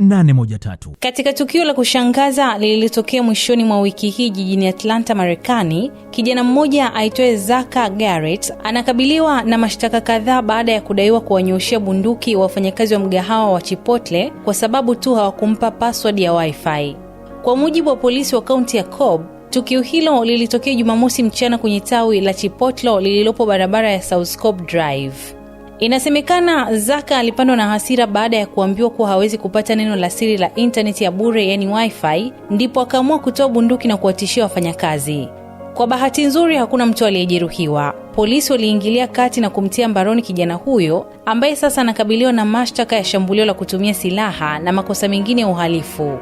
813. Katika tukio la kushangaza lililotokea mwishoni mwa wiki hii jijini Atlanta, Marekani, kijana mmoja aitwaye Zaka Garrett anakabiliwa na mashtaka kadhaa baada ya kudaiwa kuwanyoshia bunduki wafanyakazi wa mgahawa wa Chipotle kwa sababu tu hawakumpa password ya Wi-Fi. Kwa mujibu wa polisi wa kaunti ya Cobb, tukio hilo lilitokea Jumamosi mchana kwenye tawi la Chipotle lililopo barabara ya South Cobb Drive. Inasemekana Zaka alipandwa na hasira baada ya kuambiwa kuwa hawezi kupata neno la siri la intaneti ya bure, yani wifi, ndipo akaamua kutoa bunduki na kuwatishia wafanyakazi. Kwa bahati nzuri hakuna mtu aliyejeruhiwa. Polisi waliingilia kati na kumtia mbaroni kijana huyo ambaye sasa anakabiliwa na mashtaka ya shambulio la kutumia silaha na makosa mengine ya uhalifu.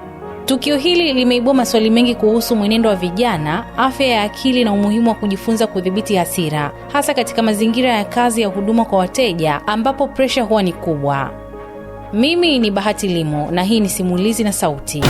Tukio hili limeibua maswali mengi kuhusu mwenendo wa vijana, afya ya akili na umuhimu wa kujifunza kudhibiti hasira, hasa katika mazingira ya kazi ya huduma kwa wateja ambapo presha huwa ni kubwa. Mimi ni Bahati Limo na hii ni Simulizi na Sauti.